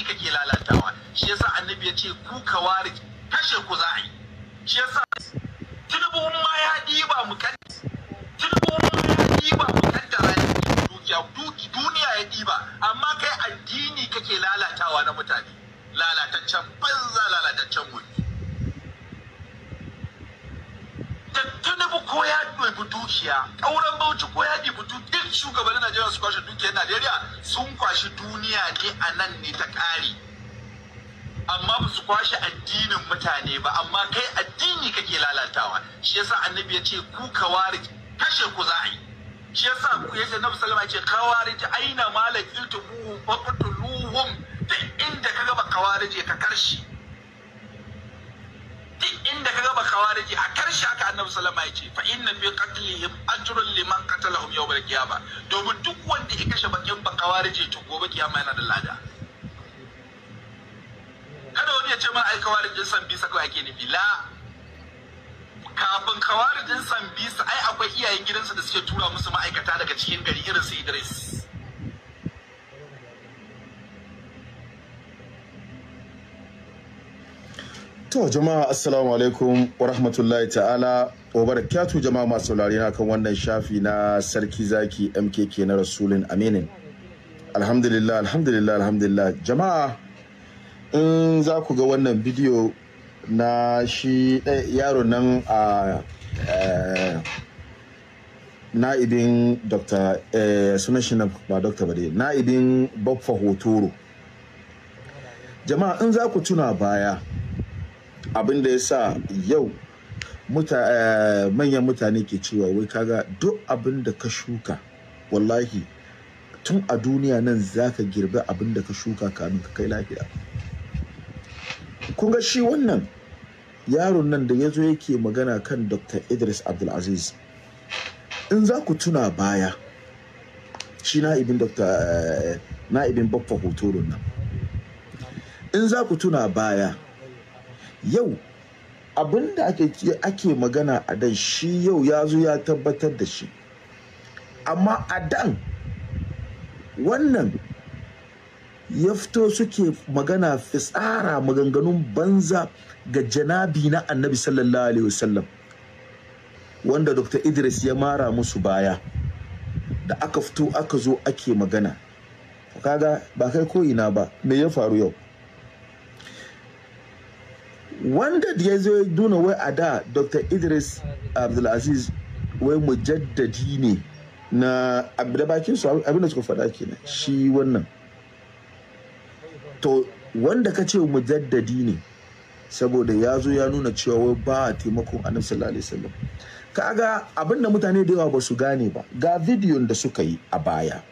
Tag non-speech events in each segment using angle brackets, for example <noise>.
ne kake lalatawa shi yasa annabi ya ce ku ka ware kashe ku za a yi shi yasa tinubu ma ya diba mu kan ma ya diba mu duniya ya diba amma kai addini kake lalatawa na mutane lalataccen banza lalataccen wuri da tunubu ko ya ɗebi dukiya auren bauchi ko ya ɗebi duk shugabannin najeriya su kwashe dukiyar najeriya sun kwashi duniya ne a nan ne ta ƙari amma ba su kwashe addinin mutane ba amma kai addini kake lalatawa shi yasa annabi ya ce ku kawari kashe ku za a yi shi yasa ku yace nabi sallama ce kawari ta aina malakiltu buhu faqtuluhum duk inda ka gaba kawari je ka karshe inda ka gaba kawariji a karshe aka annabi sallama ya ce fa inna fi qatlihim ajrun liman qatalahum al qiyamah domin duk wanda ya kashe bakin ba kawariji to gobe kiyama yana da lada kada wani ya ce mana ai kawarijin san bisa kawai ake nufi la kafin kawarijin san bisa ai akwai iyayen gidansa da suke tura musu ma'aikata daga cikin gari irin su Idris To jama'a assalamu alaikum wa rahmatullahi ta'ala wa barakatu jama'a masu saurari na kan wannan shafi na sarki zaki MKK na Rasulun Aminin. Alhamdulillah alhamdulillah alhamdulillah jama'a in za ku ga wannan bidiyo na shi eh, yaro nan a eh, na'ibin dr eh, sunan shi ba dr ba dai na'ibin baffa hotoro jama'a in za ku tuna baya abin da ya sa yau eh, manyan mutane ke cewa wai kaga duk abin da ka shuka wallahi tun a duniya nan za ka girbi abin da ka shuka kamin ka kai lafiya kunga shi wannan yaron nan da ya zo yake magana kan dr idris abdulaziz in za ku tuna baya shi na'ibin dr eh, na'ibin bakwa nan in za ku tuna baya yau abin da ake magana a dan shi yau ya zo ya tabbatar da shi amma a dan wannan ya fito suke magana fitsara maganganun banza ga janabi na annabi sallallahu alaihi wasallam wanda dr idris ya mara musu baya da aka fito aka zo ake magana kaga ba kai ko ina ba me ya faru yau wanda ya zo ya duna wai a da dr idris abdulaziz wai mujaddadi ne na da bakin su abin da suka faɗa kenan shi wannan to wanda ka ce mujaddadi ne saboda ya zo ya nuna cewa wai ba a taimakon annabi sallallahu alaihi wasallam kaga abin da mutane da yawa ba su gane ba ga bidiyon da suka yi a baya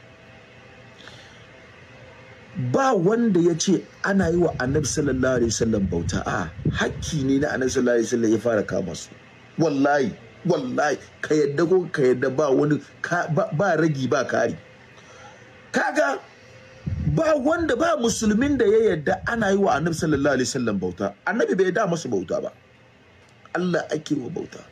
ba wanda ya ce ana yi wa annabi sallallahu alaihi wasallam bauta a hakki ne na annabi sallallahu alaihi wasallam ya fara kama su wallahi wallahi ka yadda ko ka yadda ba wani ba ragi ba kari kaga ba wanda ba musulmin da ya yadda ana yi wa annabi sallallahu alaihi wasallam bauta annabi bai da masa bauta ba Allah ake wa bauta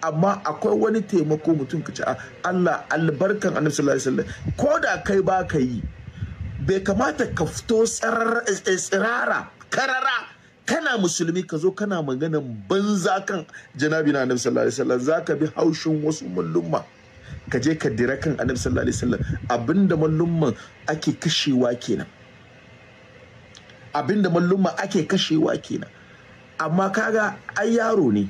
amma akwai wani taimako mutum ka ce Allah albarkan annabi sallallahu alaihi wasallam ko da kai ba ka yi bai kamata ka fito eh, eh, tsirara karara kana musulmi ka zo kana maganan banza kan janabi na annabi sallallahu alaihi wasallam zaka bi haushin wasu mallumma ka je ka dira kan annabi sallallahu alaihi wasallam abinda mallumman ake kashewa kenan abinda mallumma ake kashewa kenan amma kaga ai yaro ne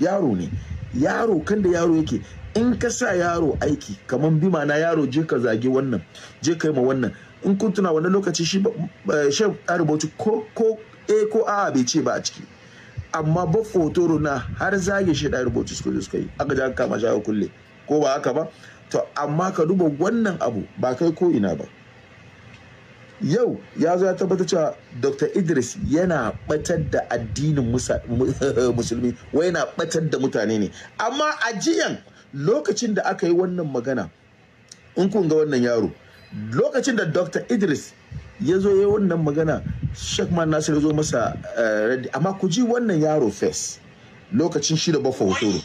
yaro ne yaro kan da yaro yake in ka sa yaro aiki kamar bima na yaro je ka zage wannan je ka yi ma wannan in kun tuna wannan lokaci shi eh, shef rubutu ko ko a eh, ko a bai ce ba a ciki amma ba fotoro na har zage shi da rubutu suka suka yi aka ja kama shi kulle ko ba haka ba to amma ka duba wannan abu ba kai ko ina ba yau ya zo ya tabbatar cewa dr idris yana batar da addinin <laughs> musulmi wai yana batar da mutane ne amma a jiyan lokacin da aka yi wannan magana in kun ga wannan yaro lokacin da dr idris ya zo ya wannan magana sheikh nasiru zo masa eh, raddi amma ku ji wannan yaro fes lokacin shi da bafa hotoro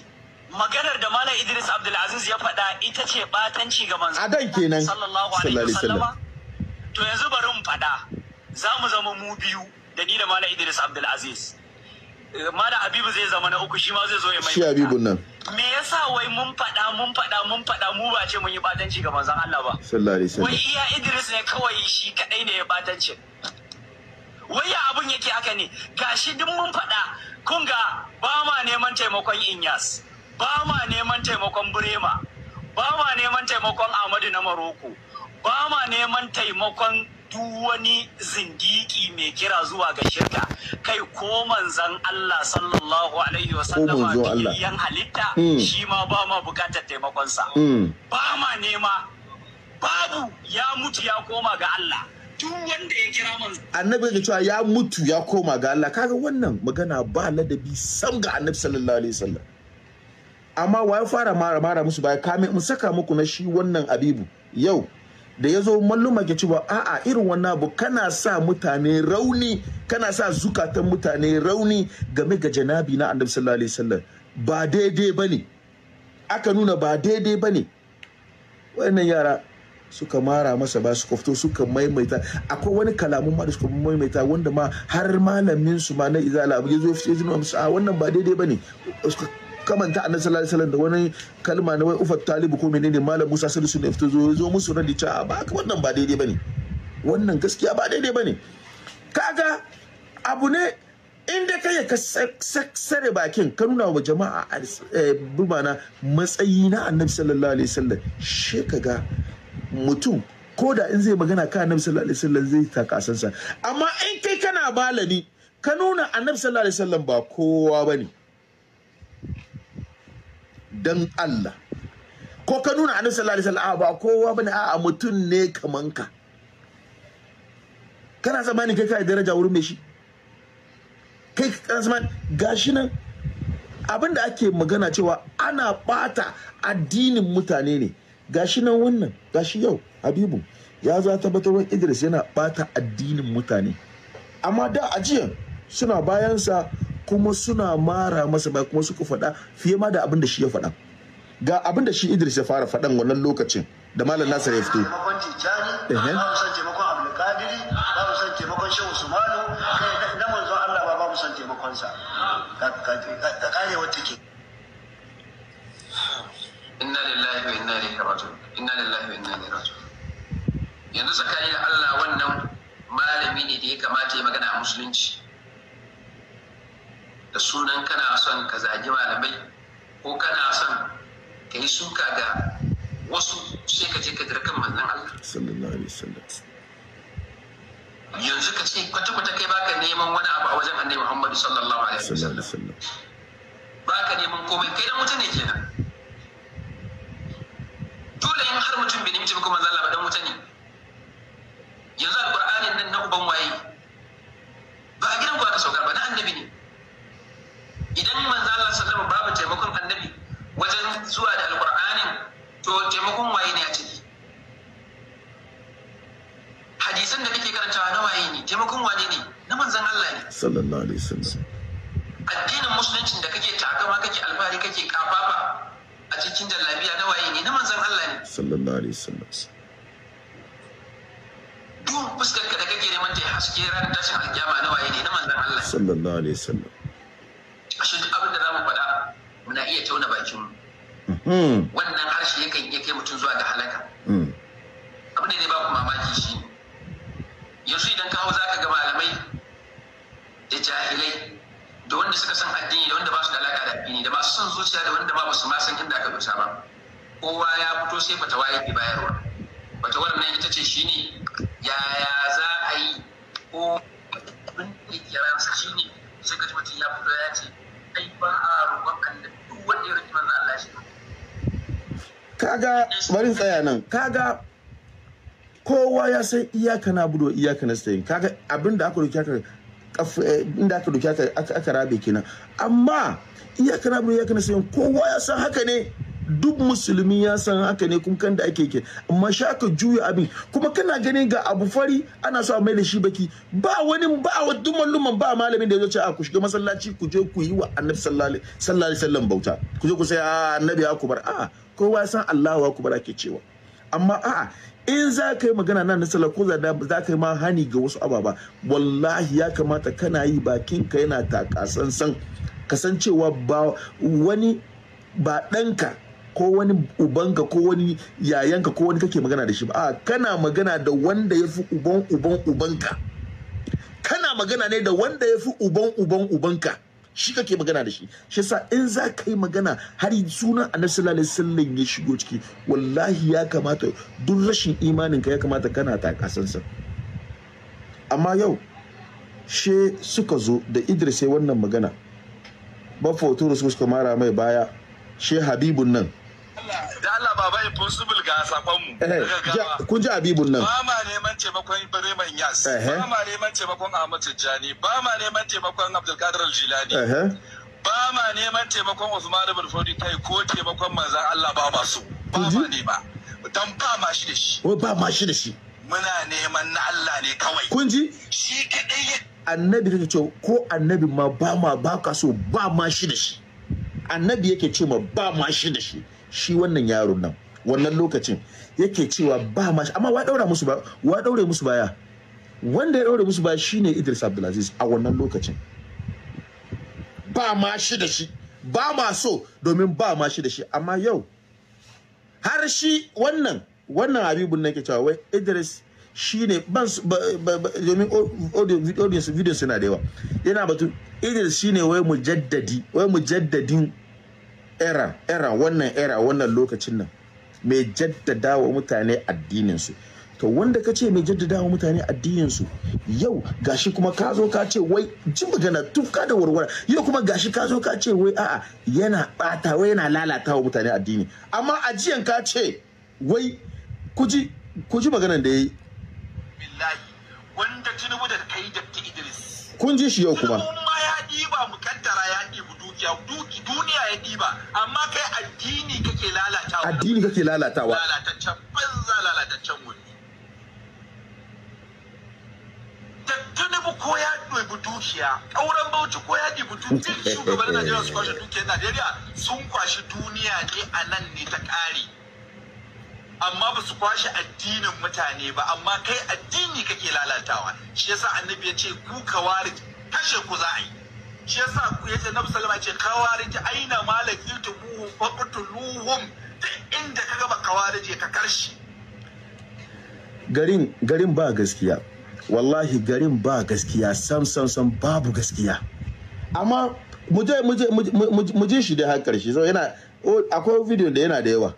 maganar da malam idris abdulaziz ya faɗa ita ce batanci ga manzo a dan kenan sallallahu alaihi wasallam to yanzu bari mu faɗa za mu zama mu biyu da ni da malam idris abdulaziz eh, malam habibu zai zama na uku shi ma zai zo ya mai shi habibun nan me yasa wai mun faɗa mun faɗa mun faɗa mu ba ce mun yi batanci ga manzon Allah ba sallallahu alaihi wasallam wai iya Idris ne kawai shi kadai ne ya batanci wai ya abun yake haka ne gashi duk mun faɗa kun ga ba ma neman taimakon Inyas ba ma neman taimakon Burema ba ma neman taimakon Ahmadu na Maroko ba ma neman taimakon duk wani zindiki mai kira zuwa ga shirka kai ko manzan Allah sallallahu alaihi wa sallama yan halitta hmm. shi ma ba ma bukatar sa, hmm. ba ma nema babu ya mutu ya koma ga Allah duk wanda ya kira manzan annabi ga cewa ya mutu ya koma ga Allah kaga wannan magana ba ladabi sam ga annabi sallallahu alaihi wa sallam amma wa ya fara mara mara musu baya kame mu saka muku na shi wannan abibu yau da ya zo malluma ke cewa a'a irin wannan abu kana sa mutane rauni kana sa zukatan mutane rauni game ga janabi na annabi sallallahu alaihi wasallam ba daidai bane aka nuna ba daidai bane Wannan yara suka mara masa ba su kofto suka maimaita akwai wani kalamun ma da suka maimaita wanda ma har malamin su ma na izala abu ya zo ya a wannan ba daidai bane kamanta annabi sallallahu alaihi wasallam da wani kalma na wai ufat talibu ko menene malam Musa salisu ne fito zo zo musu radi ta ah, ba wannan ba daidai bane wannan gaskiya ba daidai bane kaga abu ne inda kai ka sare bakin ka nuna wa jama'a eh, burbana matsayi na annabi sallallahu alaihi wasallam shi kaga mutum ko da in zai magana ka annabi sallallahu alaihi wasallam zai takasansa amma in kai kana balani ka nuna annabi sallallahu alaihi wasallam ba kowa bane dan Allah ko ka nuna annabi sallallahu alaihi wasallam ba kowa bane a'a mutum ne kaman ka kana zamani kai kai daraja wurin me shi kai kana zamani gashi nan abinda ake magana cewa ana bata addinin mutane ne gashi nan wannan gashi yau habibu ya za ta batawan idris yana bata addinin mutane amma da ajiyan suna bayansa kuma suna mara masa ba kuma suka faɗa fiye ma da abin da shi ya faɗa ga abin da shi Idris ya fara faɗan wannan lokacin da Malam Nasir ya fito Allah inna lillahi wa inna ilaihi yanzu tsakanin Allah wannan malami ne da ya kamata ya magana a musulunci da sunan kana son ka zagi malamai ko kana son ka yi suka ga wasu sai ka je ka dirkan manzon Allah yanzu ka ce kwata-kwata kai baka neman wani abu a wajen annabi Muhammadu sallallahu alaihi wasallam baka neman komai kai da wuta ne kenan dole in har mutum bai nemi taimakon manzon ba dan wuta ne yanzu al-Qur'anin nan na uban waye ba a gidan ku aka saukar ba na annabi ne idan manzo Allah sallallahu babu taimakon annabi wajen zuwa da alqur'ani to taimakon waye ne a ciki hadisan da kake karantawa na waye ne taimakon wane ne na manzon Allah ne sallallahu alaihi wasallam addinin musulunci da kake takama kake alfahari kake kafafa a cikin jallabiya na waye ne na manzon Allah ne sallallahu alaihi wasallam duk fuskar ka da kake neman ta haske ran tashin alkiyama na waye ne na manzon Allah sallallahu alaihi wasallam ashe duk abin da zamu faɗa muna iya tauna bakin mu hmm. wannan harshe yakan iya kai mutum zuwa ga halaka hmm. abin da ne ba ku mamaki shi yanzu idan kawo zaka ga malamai da jahilai da wanda suka san addini da wanda ba su da alaka da addini da masu son zuciya da wanda ba su ma san inda aka dosa ba kowa ya fito sai waye ke bayarwa fatawar wannan ita ce shine yaya za a yi ko abin da ke ransa shine sai ka ji mutum ya fito ya ce kai ba a roƙon duk wanda ya manzo Allah shi kaga bari tsaya nan kaga kowa ya san iyaka na budo iyaka na sayin kaga abin da aka roki aka eh, inda aka roƙi aka rabe kenan amma iyaka na budo iyaka na sayin kowa ya san haka ne duk musulmi ya san haka ne kun kan da ake ke amma shi aka juya abin kuma kana ganin ga abu fari ana so a mai da shi baki ba wani ba wa ba malamin da ya ce a ah, ku shiga masallaci ku je ku yi wa annabi sallallahu alaihi wasallam bauta ku je ku sai a ah, annabi ya akbar a kowa san Allah Allahu akbar ake cewa amma a'a in za ka yi magana nan nasala ko za ka yi ma hani ga wasu ababa wallahi ya kamata kana yi bakinka yana san kasancewa ba wani ba ɗanka ko wani ubanka ko wani yayanka ko wani kake magana da shi ba kana magana da wanda ya fi uban uban ubanka kana magana ne da wanda ya fi uban uban ubanka shi kake magana da shi shi sa in za ka yi magana har sunan annabi sallallahu sallan ya shigo ciki wallahi ya kamata duk rashin imanin ka ya kamata kana ta kasansa amma yau she suka zo da Idris sai wannan magana ba fotoro suka mara mai baya shi habibun nan da Allah baba impossible ga sakon mu eh, kun ji habibun nan ba ma neman taimakon Ibrahim Yas eh, eh. ba ma neman taimakon Ahmad Tijjani ba ma neman taimakon Abdulkadir Jilani ba ma neman taimakon Usman ibn Fodi kai ko taimakon manzon Allah ba ba su ba ma ba dan ba ma shi da shi ba ma shi da shi muna neman na Allah ne kawai kun ji shi kadai annabi ne ce ko annabi ma ba ma ba ka so ba ma shi da shi annabi yake ce ma ba ma shi da shi shi wannan yaron nan wannan lokacin yake cewa ba ma shi amma wa daura musu ba wa daure musu baya wanda ya daure musu baya shine Idris Abdulaziz a wannan lokacin ba ma shi da shi ba ma so domin ba ma shi da shi amma yau har shi wannan wannan habibun nake cewa wai Idris shine ban domin audience video suna da yawa yana batu Idris shine wai mujaddadi wai mujaddadin era era wannan era wannan lokacin nan mai jaddada wa mutane addininsu to wanda ka ce mai jaddada wa mutane addininsu yau gashi kuma ka zo ka ce wai ji magana tufka da warwara yau kuma gashi ka zo ka ce wai a'a yana bata wai yana lalata wa mutane addini amma ajiyan ka ce wai kuji kuji maganan da yayi billahi wanda tunubu da kai da Idris kun ji shi yau kuma dukiya duniya ya ɗiba amma kai addini kake lalatawa addini kake lalatawa lalataccen banza lalataccen wuri da tunubu ko ya ɗibi dukiya ƙauren bauchi ko ya ɗibi dukiya duk shugabannin najeriya su kwashe dukiyar najeriya sun kwashi duniya ne a nan ne ta ƙari, amma ba su kwashe addinin mutane ba amma kai addini kake lalatawa shi yasa annabi ya ce ku ka kawari kashe ku za a yi shi yasa ku yace nabi sallama ce kawarij aina malakitu muhum faqtuluhum duk inda kaga ba kawarij ka karshe? garin garin ba gaskiya wallahi garin ba gaskiya sam sam sam babu gaskiya amma muje muje muje shi da har karshe so yana akwai video da yana da yawa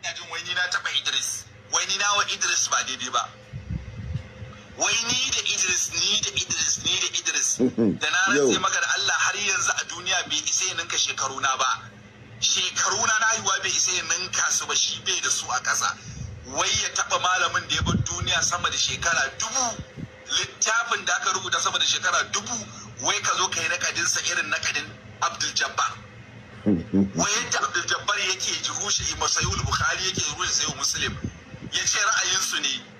ina jin wani na taba Idris wani ni na wa Idris ba daidai ba wai ni da Idris ni da Idris ni da Idris <laughs> da na rantse maka da Allah har yanzu a duniya bai isa ya ninka shekaru na ba shekaru na na haihuwa bai isa ya ninka su ba shi bai da su a ƙasa wai ya taɓa malamin da ya bar duniya sama da shekara dubu littafin da aka rubuta sama da shekara dubu wai ka zo ka yi sa irin nakadin Abdul Jabbar <laughs> wai yadda Abdul Jabbar yake jihushe Imam Sayyid Bukhari yake jihushe Sayyid Muslim ya ce ra'ayinsu ne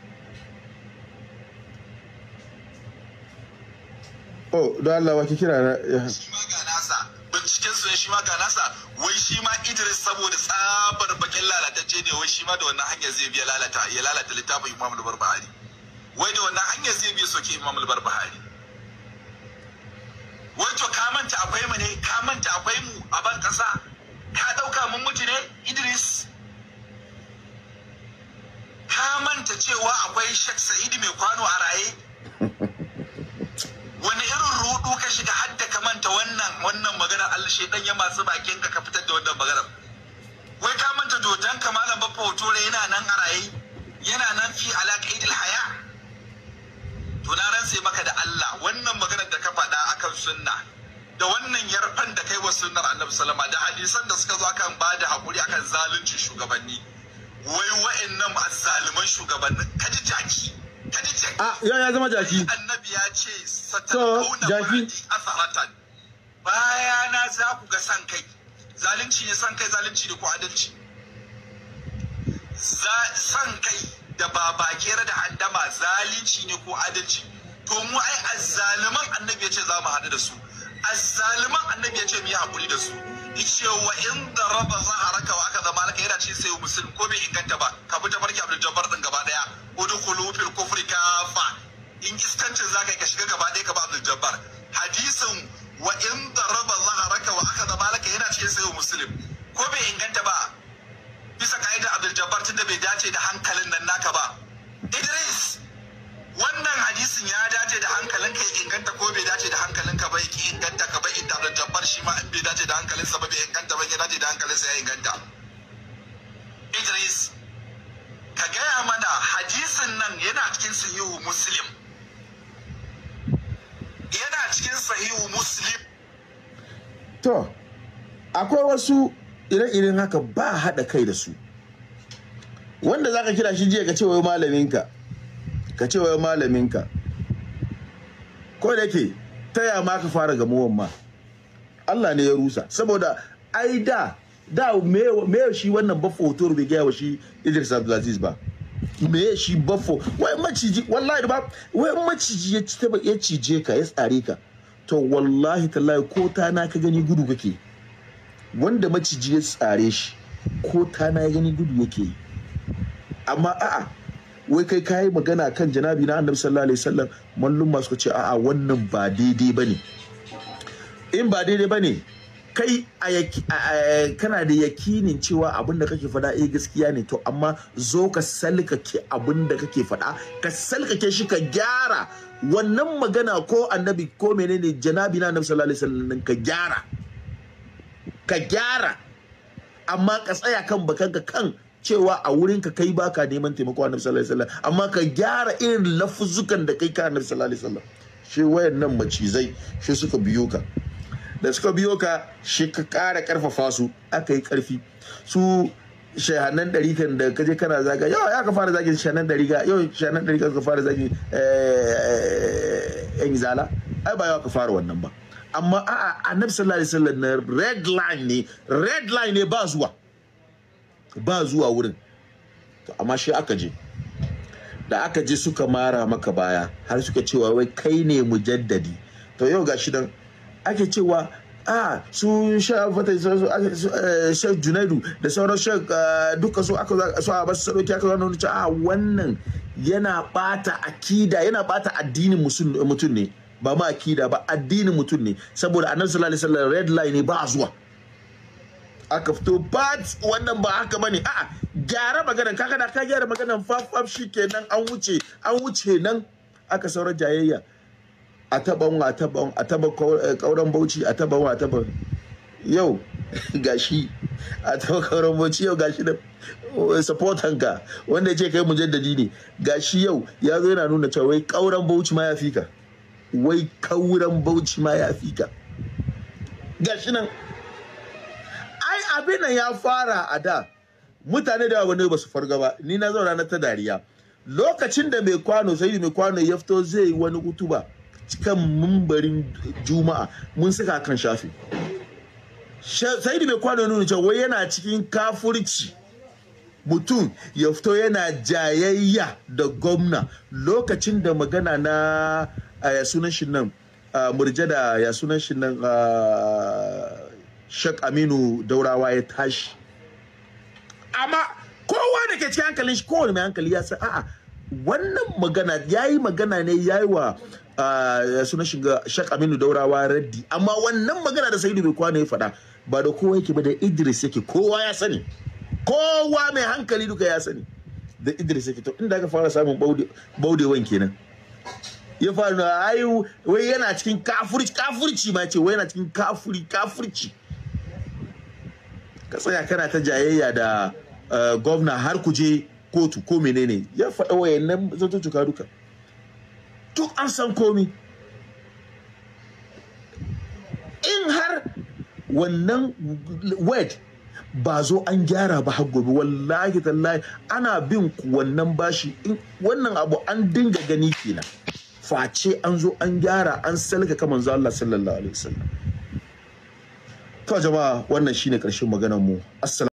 oh don Allah wa ki kira na shi ma ga binciken su ne shi ma ga nasa wai shi ma Idris saboda tsabar bakin lalatacce ne wai shi ma da wannan hanyar zai biya lalata ya lalata littafin Imam al-Barbahari wai da wannan hanyar zai biya soke Imam al-Barbahari wai to ka manta akwai mu ne ka manta akwai mu a ban kasa ka dauka mun mutu ne Idris ka manta cewa akwai Sheikh Sa'id mai kwano a raye <laughs> shiga hadda ka manta wannan wannan magana Allah dan ya masu bakin ka ka fitar da wannan magana wai ka manta dotan ka malam baffa hotore yana nan a raye yana nan fi idil haya to na rantse maka da Allah wannan maganar da ka faɗa akan sunna da wannan yarfan da kai wa sunnar annabi sallama da hadisan da suka zo akan ba da haƙuri akan zaluncin shugabanni wai wa'annan azzaluman shugabannin kaji jaki a ah, ya ya zama jaki annabi ya ce bayana za ga san san kai ko adalci da babakera da zalunci ne ko adalci to mu ai azzaliman annabi ya ce haɗu da su azzaliman annabi ya mu yi haƙuri da ice wa inda raba zaharaka wa aka zama laka yana ce sai musulun? ko bai inganta ba ka bi tafarki abdul jabbar din gaba daya udkhulu fil kufri kafa in iskancin zaka ka shiga gaba daya ka ba abdul jabbar hadisin wa inda raba zaharaka wa aka zama laka yana ce sai musulun? ko bai inganta ba bisa ka'idar abdul jabbar tunda bai dace da hankalin nan naka ba idris wannan hadisin ya dace da hankalinka ya inganta ko bai dace da hankalinka ba ya ki inganta ka bai inda jabbar shi ma in bai dace da hankalinsa ba bai inganta ba ya dace da hankalinsa ya inganta Idris ka gaya mana hadisin nan yana cikin sahihu muslim yana cikin sahihu muslim to akwai wasu ire-iren haka ba haɗa kai da su wanda za ka kira shi jiya ka ce wai malaminka ka ce wai malaminka ko da ke ta ya ma ka fara gamuwan ma Allah ne ya rusa saboda ai da da me shi wannan baffo hotor bai gaya wa shi Idris Abdulaziz ba me shi baffo wai maciji wallahi ba wai maciji ya ci ya cije ka ya tsare ka to wallahi tallahi ko ta na ka gani gudu kake wanda maciji ya tsare shi ko ta na ya gani gudu yake amma a'a wai kai kayi magana kan janabi na annabi sallallahu alaihi wasallam mallum suka ce a'a wannan ba daidai bane in ba daidai bane kai kana da yakinin cewa abin da kake faɗa eh gaskiya ne to amma zo ka salkake abin da kake faɗa ka salkake shi ka gyara wannan magana ko annabi ko menene janabi na annabi sallallahu alaihi wasallam ka gyara ka gyara amma ka tsaya kan bakanka kan cewa a wurin ka kai baka neman taimako annabi sallallahu alaihi wasallam amma ka gyara irin lafuzukan da kai ka annabi sallallahu alaihi wasallam shi wayannan macizai shi suka biyo ka da suka biyo ka shi ka ƙara ƙarfafa su aka yi ƙarfi su shahanan ɗarikan da kaje kana zaga yau ya ka fara zagin shahanan ɗarika yau shahanan ɗarika ka fara zagin eh, eh, yan zala ai ba yau ka fara wannan ba amma a'a annabi sallallahu alaihi wasallam red line ne red line ne ba zuwa ba zuwa wurin to amma shi aka je da aka je suka mara maka baya har suka cewa wai kai ne mujaddadi to yau gashi dan ake cewa a su shafata eh, eh, shek junaidu da sauran shek eh, duka su aka su a basu sadauki aka zauna wuce a wannan yana bata akida yana bata addinin mutum ne ba ma akida ba addinin mutum ne saboda annabi sallallahu alaihi wasallam red line ne ba zuwa aka fito but wannan ba haka bane a'a gyara magana. kaga da ka gyara magana fafaf shikenan an wuce an wuce nan aka saura jayayya a taban a taban a taban kauran eh, bauchi a taban a taban yau <laughs> gashi a taban kauran bauchi yau gashi da eh, supportan ka wanda ya ce kai mujaddadi ne gashi yau ya zo yana nuna cewa wai kauran bauchi ma ya fika wai kauran bauchi ma ya fika gashi nan ai abin nan ya fara a da mutane da wani ba su farga ba ni na zauna na ta dariya lokacin da mai kwano sai mai kwano ya fito zai yi wani kutuba cikin mumbarin juma'a mun saka kan shafi sai mai kwano nuna cewa wai yana cikin kafurci mutum ya fito yana jayayya da gwamna lokacin da magana na a sunan shi nan murje da sunan shi nan shek aminu daurawa ya tashi amma kowa da ke cikin hankalin shi kowane mai hankali ya san a'a wannan magana ya yi magana ne ya yi wa suna shiga shek aminu daurawa raddi amma wannan magana da sa'idu bai kwano ya faɗa ba da kowa yake ba da idris yake kowa ya sani kowa mai hankali duka ya sani da idris yake to inda aka fara samun baudewan kenan ya faru na ayu wai yana cikin kafurci kafurci ma ce wai yana cikin kafuri kafurci ka tsaya kana ta jayayya da eh, gwamna har ku je kotu ko menene ya faɗa zato zartutuka duka duk an san komi in har wannan wed ba zo an gyara ba har gobe wallahi tallahi ana bin wannan bashi wannan abu an dinga gani kenan face an zo an gyara an salka kaman manzo Allah sallallahu alaihi wasallam to jama'a wannan shine karshen maganar mu assalamu